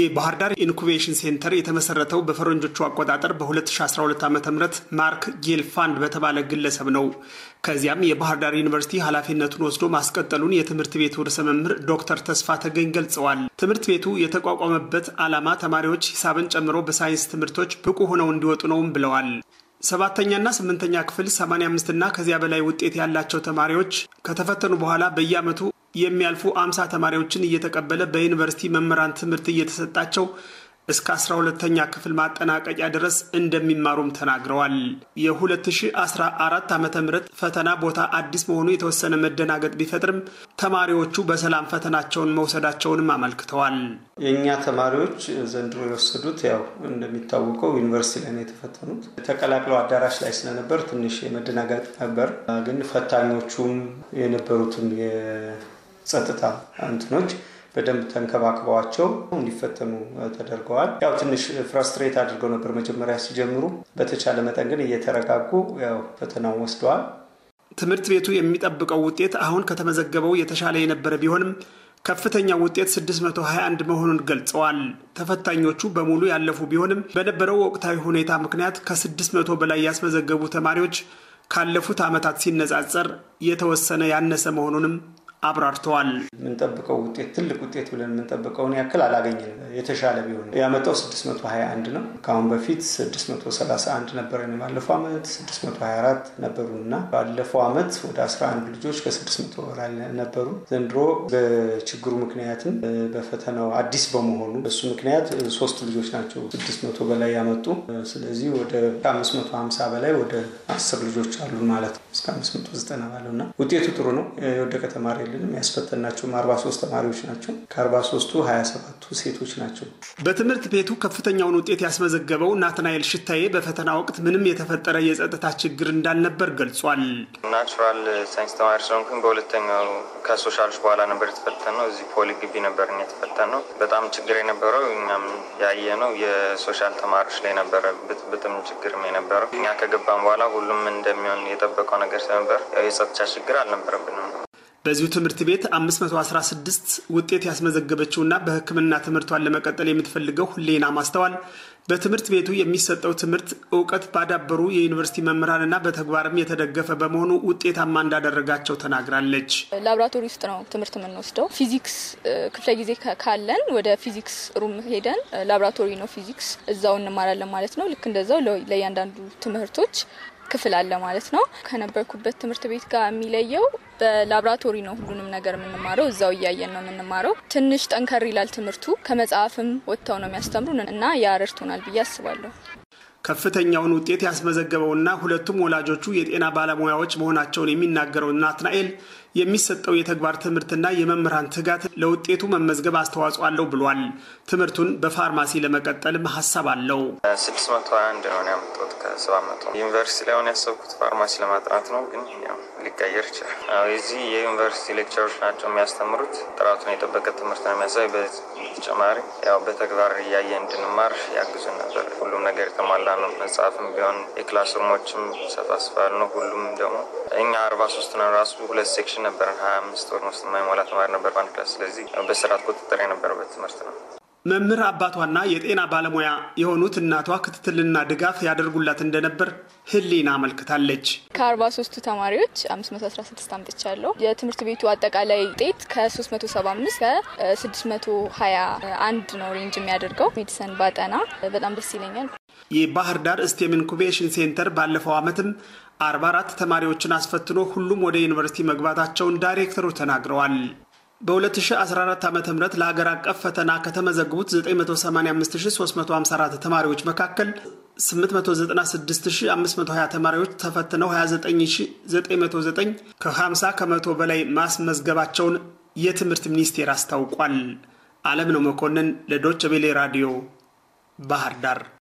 የባህር ዳር ኢንኩቤሽን ሴንተር የተመሰረተው በፈረንጆቹ አቆጣጠር በ2012 ዓ ም ማርክ ጌልፋንድ በተባለ ግለሰብ ነው። ከዚያም የባህር ዳር ዩኒቨርሲቲ ኃላፊነቱን ወስዶ ማስቀጠሉን የትምህርት ቤቱ ርዕሰ መምህር ዶክተር ተስፋ ተገኝ ገልጸዋል። ትምህርት ቤቱ የተቋቋመበት ዓላማ ተማሪዎች ሂሳብን ጨምሮ በሳይንስ ትምህርቶች ብቁ ሆነው እንዲወጡ ነውም ብለዋል። ሰባተኛና ስምንተኛ ክፍል 85 እና ከዚያ በላይ ውጤት ያላቸው ተማሪዎች ከተፈተኑ በኋላ በየዓመቱ የሚያልፉ አምሳ ተማሪዎችን እየተቀበለ በዩኒቨርሲቲ መምህራን ትምህርት እየተሰጣቸው እስከ 12ተኛ ክፍል ማጠናቀቂያ ድረስ እንደሚማሩም ተናግረዋል። የ2014 ዓ ም ፈተና ቦታ አዲስ መሆኑ የተወሰነ መደናገጥ ቢፈጥርም ተማሪዎቹ በሰላም ፈተናቸውን መውሰዳቸውንም አመልክተዋል። የእኛ ተማሪዎች ዘንድሮ የወሰዱት ያው እንደሚታወቀው ዩኒቨርሲቲ ላይ ነው የተፈተኑት። ተቀላቅለው አዳራሽ ላይ ስለነበር ትንሽ የመደናገጥ ነበር። ግን ፈታኞቹም የነበሩትም የጸጥታ እንትኖች በደንብ ተንከባክበዋቸው እንዲፈተኑ ተደርገዋል። ያው ትንሽ ፍራስትሬት አድርገው ነበር መጀመሪያ ሲጀምሩ፣ በተቻለ መጠን ግን እየተረጋጉ ያው ፈተናውን ወስደዋል። ትምህርት ቤቱ የሚጠብቀው ውጤት አሁን ከተመዘገበው የተሻለ የነበረ ቢሆንም ከፍተኛ ውጤት 621 መሆኑን ገልጸዋል። ተፈታኞቹ በሙሉ ያለፉ ቢሆንም በነበረው ወቅታዊ ሁኔታ ምክንያት ከ600 በላይ ያስመዘገቡ ተማሪዎች ካለፉት ዓመታት ሲነጻጸር የተወሰነ ያነሰ መሆኑንም አብራርተዋል። የምንጠብቀው ውጤት ትልቅ ውጤት ብለን የምንጠብቀውን ያክል አላገኘንም። የተሻለ ቢሆን ያመጣው 621 ነው። ከአሁን በፊት 631 ነበረን ባለፈው ዓመት 624 ነበሩ እና ባለፈው ዓመት ወደ 11 ልጆች ከ600 በላይ ነበሩ። ዘንድሮ በችግሩ ምክንያትም በፈተናው አዲስ በመሆኑ በሱ ምክንያት ሶስት ልጆች ናቸው 600 በላይ ያመጡ። ስለዚህ ወደ 550 በላይ ወደ 10 ልጆች አሉ ማለት ነው እስከ 590 ባለው ውጤቱ ጥሩ ነው። የወደቀ ተማሪ አይደለንም። ያስፈተናቸውም አርባ ሶስት ተማሪዎች ናቸው። ከ ከ43ቱ 27ቱ ሴቶች ናቸው። በትምህርት ቤቱ ከፍተኛውን ውጤት ያስመዘገበው ናትናኤል ሽታዬ በፈተና ወቅት ምንም የተፈጠረ የጸጥታ ችግር እንዳልነበር ገልጿል። ናቹራል ሳይንስ ተማሪ ስለሆንኩኝ በሁለተኛው ከሶሻሎች በኋላ ነበር የተፈተነው። እዚህ ፖሊ ግቢ ነበር የተፈተነው። በጣም ችግር የነበረው እኛም ያየ ነው የሶሻል ተማሪዎች ላይ ነበረ ብጥብጥም ችግርም የነበረው እኛ ከገባም በኋላ ሁሉም እንደሚሆን የጠበቀው ነገር ስለነበር የጸጥታ ችግር አልነበረብንም። በዚሁ ትምህርት ቤት 516 ውጤት ያስመዘገበችውና በሕክምና ትምህርቷን ለመቀጠል የምትፈልገው ሁሌና ማስተዋል በትምህርት ቤቱ የሚሰጠው ትምህርት እውቀት ባዳበሩ የዩኒቨርሲቲ መምህራንና በተግባርም የተደገፈ በመሆኑ ውጤታማ እንዳደረጋቸው ተናግራለች። ላብራቶሪ ውስጥ ነው ትምህርት የምንወስደው። ፊዚክስ ክፍለ ጊዜ ካለን ወደ ፊዚክስ ሩም ሄደን ላብራቶሪ ነው ፊዚክስ፣ እዛው እንማራለን ማለት ነው። ልክ እንደዛው ለእያንዳንዱ ትምህርቶች ክፍል አለ ማለት ነው። ከነበርኩበት ትምህርት ቤት ጋር የሚለየው በላብራቶሪ ነው ሁሉንም ነገር የምንማረው። እዛው እያየን ነው የምንማረው። ትንሽ ጠንከር ይላል ትምህርቱ። ከመጽሐፍም ወጥተው ነው የሚያስተምሩን እና ያረድቶናል ብዬ አስባለሁ። ከፍተኛውን ውጤት ያስመዘገበውና ሁለቱም ወላጆቹ የጤና ባለሙያዎች መሆናቸውን የሚናገረው ናትናኤል የሚሰጠው የተግባር ትምህርትና የመምህራን ትጋት ለውጤቱ መመዝገብ አስተዋጽኦ አለው ብሏል። ትምህርቱን በፋርማሲ ለመቀጠልም ሀሳብ አለው። ስድስት መቶ አንድ ነው ያመጣሁት ከሰባት መቶ ዩኒቨርሲቲ ላይ ያሰብኩት ፋርማሲ ለማጥናት ነው ግን ሊቀየር ይችላል። የዚህ የዩኒቨርሲቲ ሌክቸሮች ናቸው የሚያስተምሩት። ጥራቱን የጠበቀ ትምህርት ነው የሚያሳይ። በተጨማሪ ያው በተግባር እያየ እንድንማር ያግዙ ነበር። ሁሉም ነገር የተሟላ ነው። መጽሐፍም ቢሆን የክላስ ሩሞችም ሰፋስፋል ነው። ሁሉም ደግሞ እኛ አርባ ሶስት ነው ራሱ ሁለት ሴክሽን ነበረን። ሀያ አምስት ወር ውስጥ የማይሞላ ተማሪ ነበር በአንድ ክላስ። ስለዚህ በስርዓት ቁጥጥር የነበረበት ትምህርት ነው። መምህር አባቷና የጤና ባለሙያ የሆኑት እናቷ ክትትልና ድጋፍ ያደርጉላት እንደነበር ህሊና አመልክታለች። ከ43ቱ ተማሪዎች 516 አምጥቻለሁ። የትምህርት ቤቱ አጠቃላይ ጤት ከ375 ከ621 ነው ሬንጅ የሚያደርገው። ሜዲሰን ባጠና በጣም ደስ ይለኛል። የባህር ዳር ስቴም ኢንኩቤሽን ሴንተር ባለፈው ዓመትም 44 ተማሪዎችን አስፈትኖ ሁሉም ወደ ዩኒቨርሲቲ መግባታቸውን ዳይሬክተሩ ተናግረዋል። በ2014 ዓ ም ለሀገር አቀፍ ፈተና ከተመዘግቡት 985354 ተማሪዎች መካከል 896520 ተማሪዎች ተፈትነው 29909 ከ50 ከመቶ በላይ ማስመዝገባቸውን የትምህርት ሚኒስቴር አስታውቋል። አለም ነው መኮንን ለዶች ቤሌ ራዲዮ ባህር ዳር